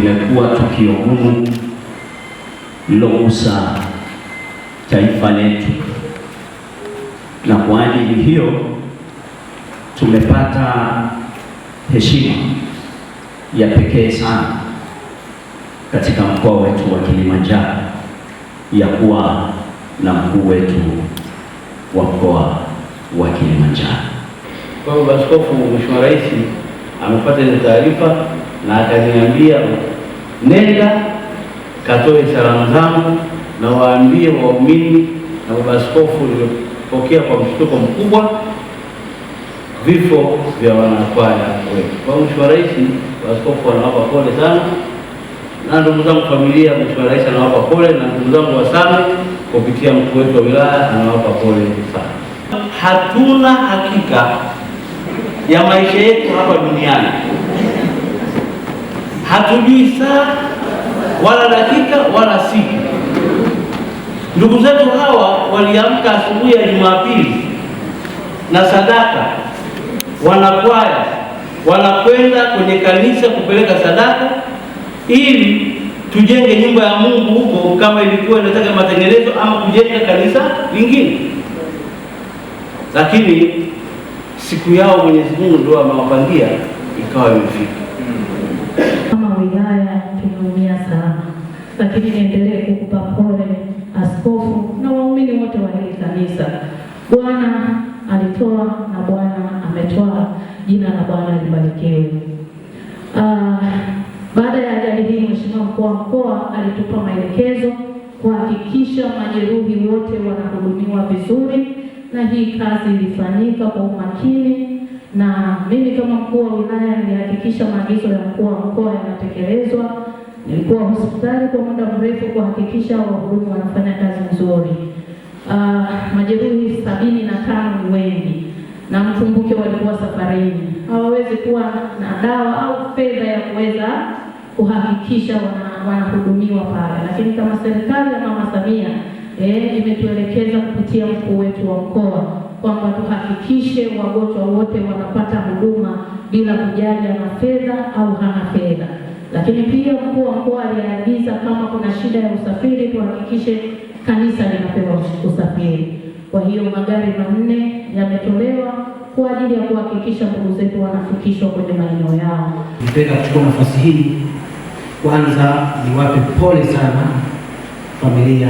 limekuwa tukio gumu lilogusa taifa letu, na kwa ajili hiyo tumepata heshima ya pekee sana katika mkoa wetu wa Kilimanjaro ya kuwa na mkuu wetu wa mkoa wa Kilimanjaro. Kwa hiyo Askofu Mheshimiwa Rais amepata ile taarifa na akaniambia, nenda katoe salamu zangu na waambie waumini na ubaskofu askofu, kwa mshtuko mkubwa vifo vya wanakwaya wetu. Kwa Mheshimiwa Rais, baskofu anawapa pole sana, na ndugu zangu familia, Mheshimiwa Rais anawapa pole, na ndugu zangu wasame kupitia mkuu wetu wa wilaya anawapa pole sana. Hatuna hakika ya maisha yetu hapa duniani hatujui saa wala dakika wala siku. Ndugu zetu hawa waliamka asubuhi ya Jumapili na sadaka, wanakwaya wanakwenda kwenye kanisa kupeleka sadaka ili tujenge nyumba ya Mungu huko, kama ilikuwa inataka matengenezo ama kujenga kanisa lingine, lakini siku yao Mwenyezi Mungu ndio amewapangia ikawa imefika. Kama wilaya tunaumia sana, lakini niendelee kukupa pole askofu na waumini wote wa hili kanisa. Bwana alitoa na Bwana ametoa, jina la Bwana libarikiwe. Uh, baada ya ajali hii, mheshimiwa mkuu wa mkoa alitupa maelekezo kuhakikisha majeruhi wote wanahudumiwa vizuri, na hii kazi ilifanyika kwa umakini na mimi kama mkuu wa wilaya nilihakikisha maagizo ya mkuu wa mkoa yanatekelezwa. Nilikuwa hospitali kwa muda mrefu kuhakikisha wahudumu wanafanya kazi nzuri. Uh, majeruhi sabini na tano ni wengi na mtumbuke walikuwa safarini, hawawezi kuwa na dawa au fedha ya kuweza kuhakikisha wanahudumiwa wana pale, lakini kama serikali ya Mama Samia eh, imetuelekeza kupitia mkuu wetu wa mkoa kwamba tuhakikishe wagonjwa wote wanapata huduma bila kujali ana fedha au hana fedha. Lakini pia mkuu wa mkoa aliagiza kama kuna shida ya usafiri tuhakikishe kanisa linapewa usafiri. Kwa hiyo magari manne yametolewa kwa ajili ya kuhakikisha ndugu zetu wanafikishwa kwenye maeneo yao. Nipenda kuchukua nafasi hii kwanza niwape pole sana familia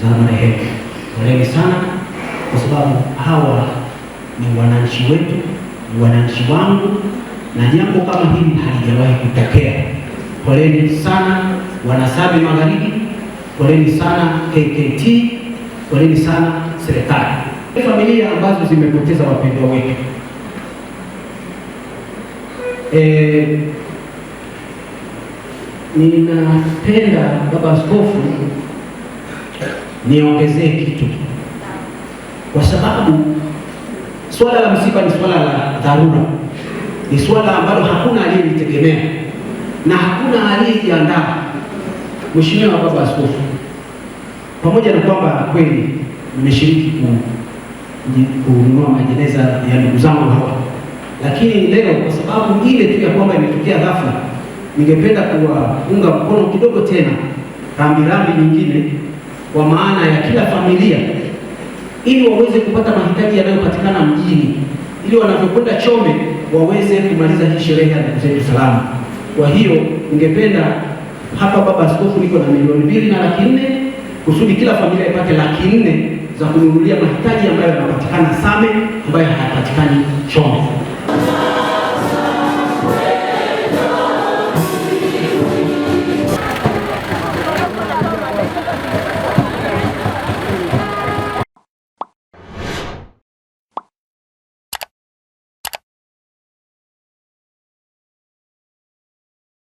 za marehemu, poleni sana kwa sababu hawa ni wananchi wetu, ni wananchi wangu, na jambo kama hili halijawahi kutokea. Poleni sana wanasabi magharibi, poleni sana KKT, poleni sana serikali, familia ambazo zimepoteza wapendwa wetu. E, ninapenda baba askofu niongezee kitu kwa sababu swala la msiba ni swala la dharura, ni swala ambalo hakuna aliyelitegemea na hakuna aliyejiandaa. Mheshimiwa Baba Askofu, pamoja na kwamba kweli nimeshiriki kununua majeneza ya ndugu zangu hawa, lakini leo kwa sababu ile tu ya kwamba imetokea ghafla, ningependa kuwaunga mkono kidogo tena rambirambi nyingine, kwa maana ya kila familia ili waweze kupata mahitaji yanayopatikana mjini, ili wanavyokwenda Chome waweze kumaliza hii sherehe ya ndugu zetu salama. Kwa hiyo ningependa hapa, baba askofu, niko na milioni mbili na laki nne kusudi kila familia ipate laki nne za kununulia mahitaji ambayo yanapatikana Same ambayo hayapatikani Chome.